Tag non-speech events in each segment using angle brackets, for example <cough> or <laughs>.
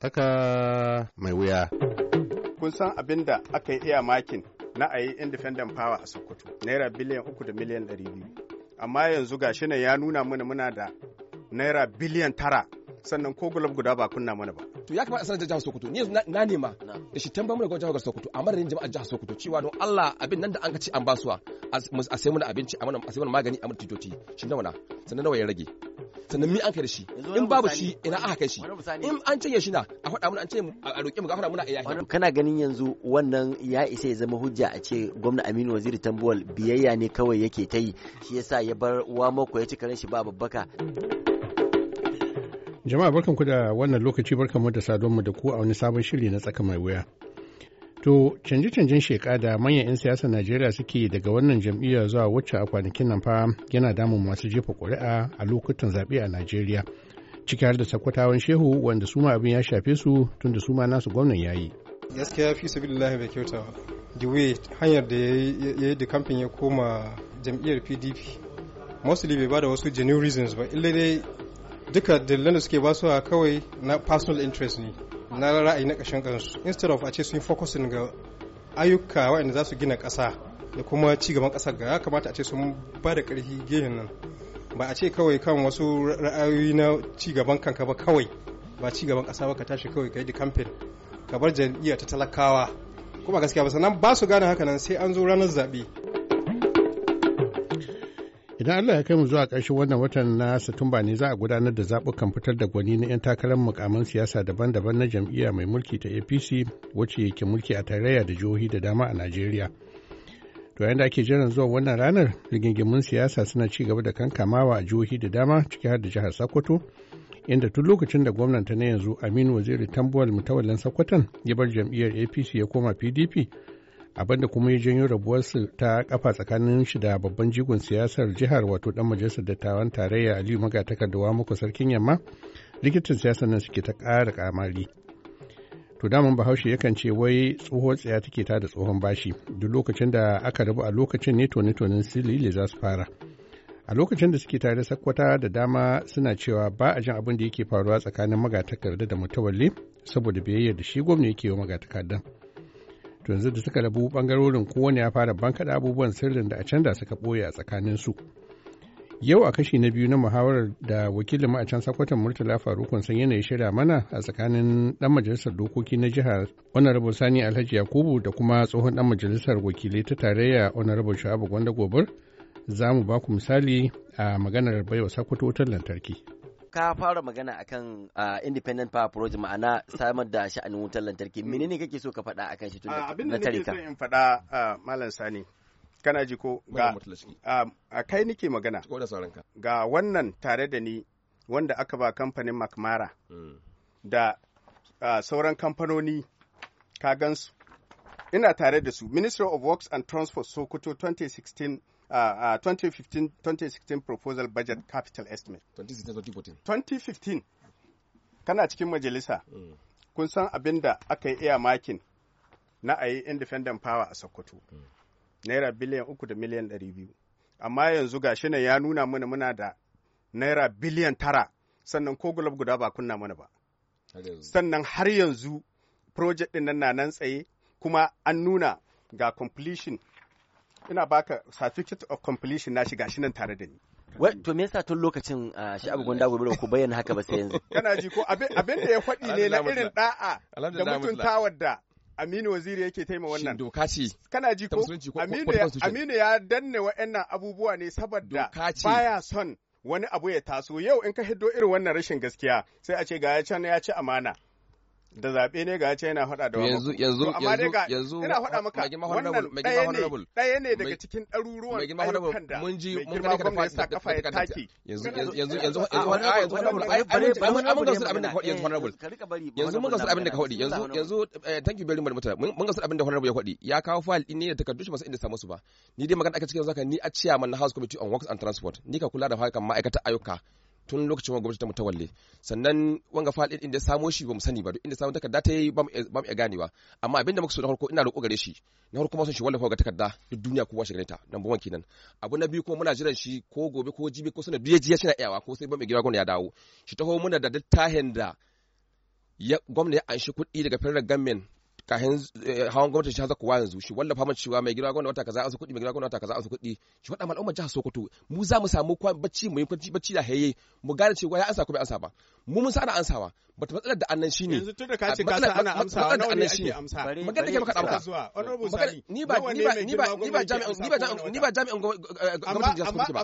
Tsaka mai wuya. Kun san abin da aka yi iya makin na a yi independent power a Sokoto, naira biliyan uku da miliyan ɗari biyu. Amma yanzu ga shi ya nuna mana muna da naira biliyan tara sannan ko gulab guda ba kunna mana ba. To ya kamata a sanar jihar Sokoto, ni yanzu na nema da shi tambar mana gwamnati jihar Sokoto a madadin jama'a jihar Sokoto cewa don Allah abin nan da an ka ci an basuwa a sai mana abinci a sai mana magani a mana titoti shi nawa na sannan nawa ya rage. sannan mi an kai da shi in babu shi ina aka kai shi in an canye shi na a faɗa mana an ce a roƙe mu gafara muna iya kana ganin yanzu wannan ya isa ya zama hujja a ce gwamna Aminu Waziri Tambuwal biyayya ne kawai yake ta yi shi yasa ya bar wa mako ya ci karen shi ba babbaka jama'a barkanku da wannan lokaci barkanmu da saduwar mu da ku a wani sabon shiri na tsaka mai wuya To canje-canjen sheka da manyan 'yan siyasar Najeriya suke daga wannan jam'iyya zuwa wacce a kwanakin nan fa yana damun masu jefa ƙuri'a a lokutan zaɓe a Najeriya. Ciki har da sakwatawan shehu wanda su abin ya shafe su tunda su ma nasu gwamnan ya yi. Gaskiya fi sabilillahi bai kyauta the way hanyar da ya yi da kamfin ya koma jam'iyyar PDP. Mostly bai da wasu genuine reasons ba illa dai duka dalilan da suke basuwa kawai na personal interest ne. na ra'ayi na ƙashin kansu instead of a ce sun yi focusing ga ayyuka waɗanda za su gina ƙasa da kuma ci gaban ƙasar ga ya kamata a ce sun ba da ƙarfi gehen nan ba a ce kawai kan wasu ra'ayoyi na ci gaban kanka ba kawai ba ci gaban ƙasa ba ka tashi kawai ka yi da kamfen ka bar jam'iyya ta talakawa kuma gaskiya ba sannan ba su gane haka nan sai an zo ranar zaɓe idan allah ya kai mu zuwa ƙarshen wannan watan na satumba ne za a gudanar da zaɓukan fitar da gwani na 'yan takarar mukaman siyasa daban-daban na jam'iyya mai mulki ta apc wacce yake mulki a tarayya da jihohi da dama a najeriya to yayin da ake jiran zuwa wannan ranar rigingimun siyasa suna ci gaba da kankamawa a jihohi da dama ciki har da jihar sokoto inda tun lokacin da gwamnanta na yanzu aminu waziri tambuwal mutawallan sokoton ya bar jam'iyyar apc ya koma pdp abinda kuma ya janyo rabuwarsu ta kafa tsakanin shi da babban jigon siyasar jihar wato dan majalisar dattawan tarayya aliyu magatakardawa muku sarkin yamma likitan siyasar nan suke ta ƙara kamari to daman bahaushe yakan ce wai tsoho tsaya take ta da tsohon bashi duk lokacin da aka rabu a lokacin ne tone tonen silili za su fara a lokacin da suke tare sakwata da dama suna cewa ba a jin abin da yake faruwa tsakanin magatakarda da mutawalle saboda biyayyar da shi gwamna yake wa magatakardan to yanzu da suka rabu bangarorin kowane ya fara bankaɗa abubuwan sirrin da a can da suka ɓoye a tsakanin su yau a kashi na biyu na muhawarar da wakilin mu a can sakwatan murtala farukun san yanayi shirya mana a tsakanin dan majalisar dokoki na jihar honorable sani alhaji yakubu da kuma tsohon dan majalisar wakilai ta tarayya honorable shu'abu gwanda gobir za mu ba ku misali a maganar baiwa sakwato wutar lantarki ka fara magana akan independent power project ma'ana samar da sha'anin wutar lantarki mm. menene kake so ka faɗa akan shi tun na tare ka abin da nake so in faɗa malam sani kana ji ko ga a kai nake magana ga wannan tare da ni wanda aka ba kamfanin McMara mm. da sauran kamfanoni ka gansu ina tare da su minister of works and transport sokoto 2016 uh, uh, 2015-2016 proposal budget capital estimate. 2015 kana cikin majalisa mm. kun san abin da aka yi iya makin na a yi independent power a Sokoto. Mm. Naira biliyan uku da miliyan ɗari biyu. Amma yanzu ga shi ya nuna mana muna da naira biliyan tara sannan ko gulab guda ba kunna mana ba. Sannan har yanzu project ɗin nan na nan tsaye kuma an nuna ga completion ina baka certificate of completion na shiga shi nan tare da ni to me yasa tun lokacin ah, shi agogon dago gobe ku bayyana haka ba sai yanzu <laughs> kana ji ko abin da ya faɗi ne na irin da'a da mutuntawar da Aminu Waziri yake taima wannan doka ce kana ji ko Aminu ya danne wa'annan abubuwa ne saboda baya son wani abu ya taso yau in ka hiddo irin wannan rashin gaskiya sai a ce ga ya can ya ci amana da zaɓe ne ga ce yana faɗa da yanzu yanzu yanzu ina faɗa maka wannan ɗaya ne daga cikin ɗaruruwan ayyukan da mun ji mun ga kafa sa kafa ya take yanzu yanzu yanzu yanzu honorable ai ai mun ga abin da ka faɗi yanzu honorable yanzu mun ga abin da ka faɗi yanzu yanzu eh, thank you very much mutala mun ga abin da honorable ya faɗi ya kawo file din ne da takardu shi ba inda samu su ba ni dai magana aka cikin zaka ni a chairman na house committee on works and transport ni ka kula da harkar ma'aikata ayyuka tun lokacin wani gwamnati ta walle sannan wanga faɗin inda samo shi ba mu sani ba duk inda samun takarda ta yi ba mu iya ganewa amma abinda muka so na farko ina roƙo gare shi na farko ma sun shi wallafa ga takarda duk duniya kowa shi ta nan one kenan abu na biyu kuma muna jiran shi ko gobe ko jibi ko sanar duk ya shina iyawa ko sai ba mai gira gwamnati ya dawo shi taho muna da dattahin da gwamnati ya anshi kuɗi daga federal government kahin eh, hawan gwamnati shi haza kowa yanzu shi wallafa mana cewa mai gida gwamnati wata kaza an kuɗi mai gida gwamnati wata kaza an kuɗi shi faɗa mal'umma jihar Sokoto mu za mu samu kwan bacci mu yi bacci da haye mu gane cewa ya ansa ko bai ansa ba mu mun sa'ana ana ansawa matsalar da annan yanzu ka da ba ni ba ni ba ni ba ni eh, eh, ba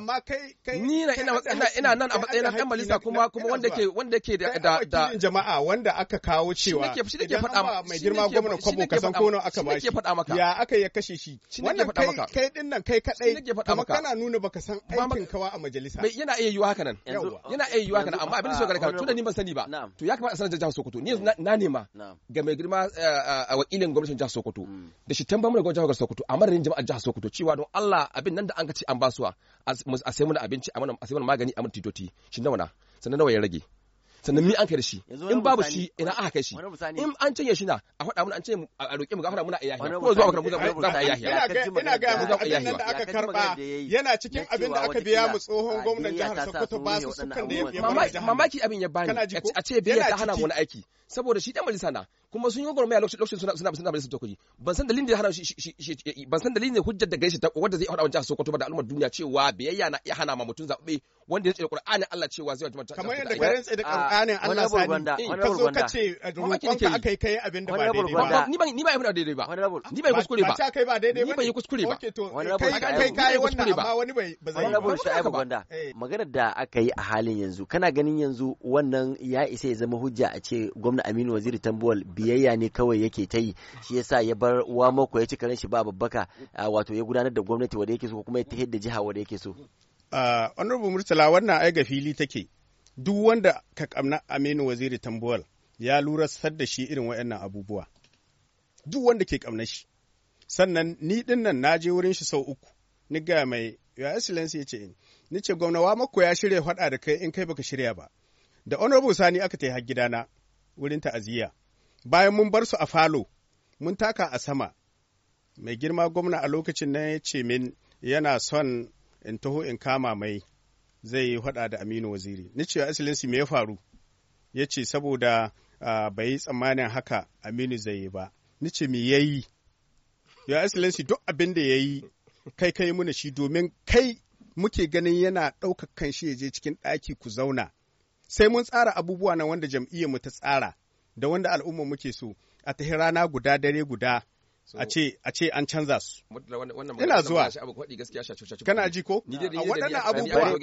ba ni na ina ina a kuma wanda ke da da jama'a wanda aka kawo shi ne ke faɗa mana kwabo ka san ko aka ba shi ya aka ya kashe shi wannan kai kai din nan kai kadai amma kana nuna baka san aikin kawa a majalisa mai yana iya yiwa haka nan yana iya yiwa haka nan amma abin da suka kare tunda ni ban sani ba to ya kamata sanar da jihar Sokoto ni na nema ga mai girma a eh, eh, wakilin gwamnatin jihar Sokoto mm. da shi tamba mana gwamnatin jihar Sokoto a madadin jama'ar jihar Sokoto cewa don Allah abin nan da an ka ce an basuwa a sai mana abinci a a sai mana magani a mana titoti shin nawa na sannan nawa ya rage sannan mi an kai da shi in babu shi ina aka kai shi in an canye shi na a faɗa mun an canye a roƙe mu mun a iyahi ko zuwa bakar mu za ta iyahi ina ga mu abin nan da aka karba yana cikin abin da aka biya mu tsohon gwamnan jihar Sokoto ba su sukan da ya biya mamaki abin ya bani a ce biya ta hana mu aiki saboda shi dan majalisa na kuma sun yi gwagwarmai a lokacin suna suna suna majalisar tokoji ban san dalilin da hana shi ban san dalilin da hujjar da gare shi wanda zai hada wancan Sokoto ba da al'ummar duniya cewa biyayya na iya hana ma mutum zaɓe wanda ya tsira Qur'anin Allah cewa zai wajibanta kamar yadda garin tsaye da Qur'anin Allah sani ka zo ka ce roƙon ka akai kai abin da ba daidai ba ni ban ni ban yi daidai ba ni yi kuskure ba ba kai ba daidai ba ni ban yi kuskure ba kai kai kai wannan amma wani bai ba zai yi ba gwanda eh. maganar da aka yi a halin yanzu kana ganin yanzu wannan ya isa ya zama hujja a ce gwamna Aminu Waziri Tambuwal biyayya ne kawai yake ta yi shi yasa ya bar uwa mako ya ci karen shi ba babbaka wato ya gudanar da gwamnati wadda yake so kuma ya tahid da jiha wadda yake so honorable murtala wannan ai ga fili take duk wanda ka kamna aminu waziri tambuwal ya lura da shi irin wayannan abubuwa duk wanda ke kamna shi sannan ni din nan na je wurin shi sau uku ni ga mai ya excellence ya ce ni ce gwamna wa mako ya shirya faɗa da kai in kai baka shirya ba da honorable sani aka ta yi har gidana wurin ta'aziyya bayan mun bar su a falo mun taka a sama mai girma gwamna a lokacin nan ya ce min yana son in taho in kama mai zai yi hada da aminu waziri ni cewa asilinsu me ya faru ya ce saboda bai yi tsammanin haka aminu zai yi ba ni ce me ya yi ya asilinsu duk abin da ya yi kai kai muna shi domin kai muke ganin yana ɗaukar kan shi ya je cikin ɗaki ku zauna sai mun tsara abubuwa na wanda jam'iyyar mu ta tsara da wanda al'umma muke so a tahi rana guda dare guda a ce a ce an canza su ina zuwa kana ji ko waɗannan abubuwa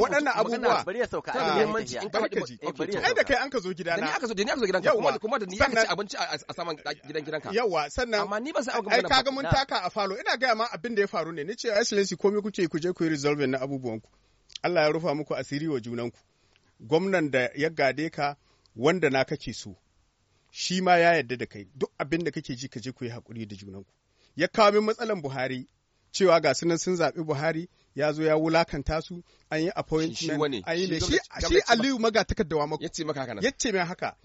waɗannan abubuwa bari ya sauka ai da kai an ka zo gida na aka zo da ni aka zo ka kuma kuma da ni aka ci abinci a saman gidan ka yawa sannan amma ni ba sai ai kaga mun taka a falo ina ga ma abin da ya faru ne ni ce excellency komai kuke ku je ku yi resolving na ku Allah ya rufa muku asiri wa junanku gwamnan da ya gade ka wanda na kake so shi ma ya yarda da kai duk abin da kake ji ka je ku yi hakuri da junanku ya kawo min matsalan buhari cewa ga sunan sun zaɓi buhari ya zo ya wulakanta su an yi appointment an yi ne shi aliyu maga takardawa maka ya maka haka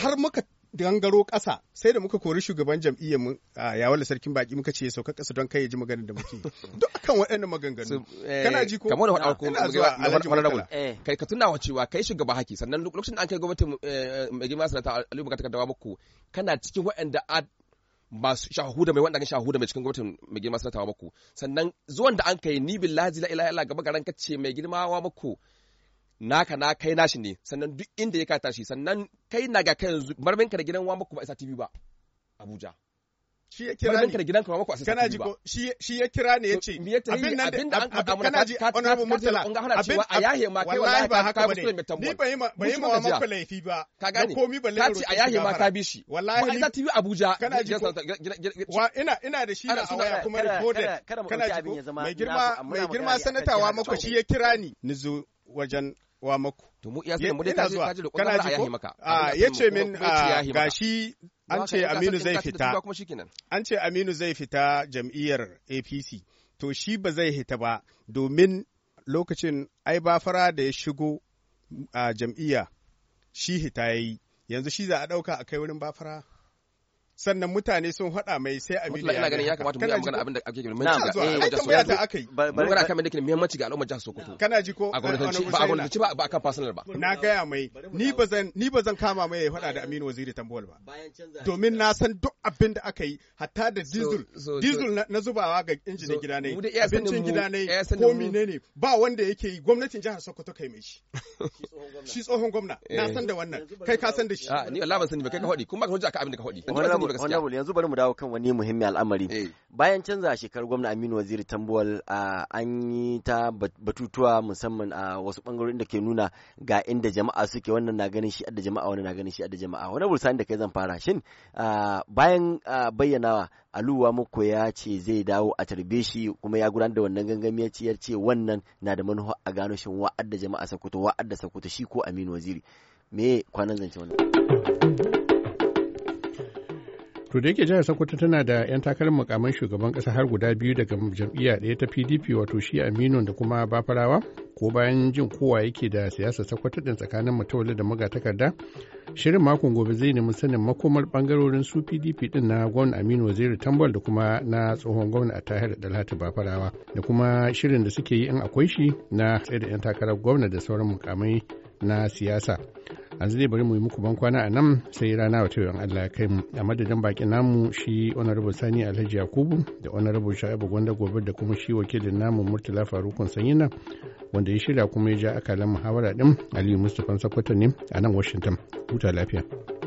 har muka gangaro ƙasa sai da muka kori shugaban jam'iyyar mu ya wala sarkin baki muka ce sauka ƙasa don kai ya ji maganar da muke <laughs> duk akan waɗannan maganganu eh, kana ji ko kamar da faɗa eh. kai ka tunawa cewa kai shugaba haki sannan lokacin da an kai gwamnati eh, mai girma sanata Aliyu Bukar dawa muku kana cikin waɗanda masu shahuda mai wanda shahuda mai cikin gwamnatin mai girma sanata Wabako sannan zuwan da an kai ni billahi la ilaha illa gaba garan kace mai girma Wabako naka na kai nashi ne sannan duk inda ya ka tashi sannan kai na ga kai yanzu marminka da gidan wamako ba isa TV ba Abuja shi ya kira ne gidan kuma mako kana ji ko shi ya kira ne yace abin nan abin da an kada mun kana ji honorable murtala abin a yahe ma kai wallahi ba haka bane ni bai ma bai ma mako laifi ba ka gane komi balle ka ci a yahe ma ka bi shi wallahi ni TV Abuja kana ji wa ina ina da shi a waya kuma recorded kana ji mai girma mai girma sanatawa mako shi ya kira ni nizo wajen wa maku to mu iya sanin mu dai ta zuwa kana ji ko? Ah, ya ce yace min ah, gashi an ce Aminu zai fita an ce Aminu zai fita jam'iyyar APC to shi ba zai hita ba domin lokacin ai ba fara da ya shigo a ah, jam'iyya shi hita yayi yanzu shi za a ɗauka a kai wurin ba fara sannan mutane sun haɗa mai sai a miliyan. Ina ganin ya kamata mu yi magana abin da ake gina eh, muhimmanci ga al'ummar jihar Sokoto. Ta aka yi. Magana kan da muhimmanci ga al'umma jihar Sokoto. Kana ji ko? A gwamnatance ba a gwamnatance ba a kan fasalar ba. Na gaya mai ni ba zan ni ba zan kama mai ya haɗa da Aminu Waziri Tambuwal ba. Domin na san duk abin da aka yi hatta da diesel diesel na zubawa ga injinin gida ne. Abincin gida ne ko menene ba wanda yake yi gwamnatin jihar Sokoto kai mai shi. Shi tsohon gwamna na san eh. da wannan kai ka san da shi. Ah, ni Allah ban sani ba kai ka faɗi kuma ka hujja ka abin da ka faɗi. saboda gaskiya honorable yanzu bari mu dawo kan wani muhimmi al'amari eh. bayan canza shekar gwamna Aminu Waziri Tambuwal an yi ta batutuwa musamman a wasu bangarorin da ke nuna ga inda jama'a suke wannan na ganin shi adda jama'a wannan na ganin shi adda jama'a wani bursan da kai zan fara shin bayan bayyanawa aluwa muku ya ce zai dawo a tarbe shi kuma ya gudanar da wannan gangami ya ce ya ce wannan na da manufa a gano shin wa adda jama'a Sokoto wa adda Sokoto shi ko Aminu Waziri me kwanan zance wannan To da yake jihar Sokoto tana da 'yan takarar mukamin shugaban kasa har guda biyu daga jam'iyya ɗaya ta PDP wato shi Aminu da kuma Bafarawa ko bayan jin kowa yake da siyasa Sokoto din tsakanin Matawalle da magatakarda shirin makon gobe zai nemi sanin makomar bangarorin su PDP din na gwamna Aminu Waziri Tambal da kuma na tsohon gwamna a Tahir Dalhatu Bafarawa da kuma shirin da suke yi in akwai shi na tsaye da 'yan takarar gwamna da sauran mukamai na siyasa. yanzu zai bari mu yi muku bankwana a nan sai rana wata yawan Allah ya kai mu a madadin bakin namu shi honorable sani alhaji yakubu da honorable sha'ibu gwanda gobe da kuma shi wakilin namu murtala farukun sanyina wanda ya shirya kuma ya ja akalan muhawara din aliyu mustapha sakwato ne a nan washington huta lafiya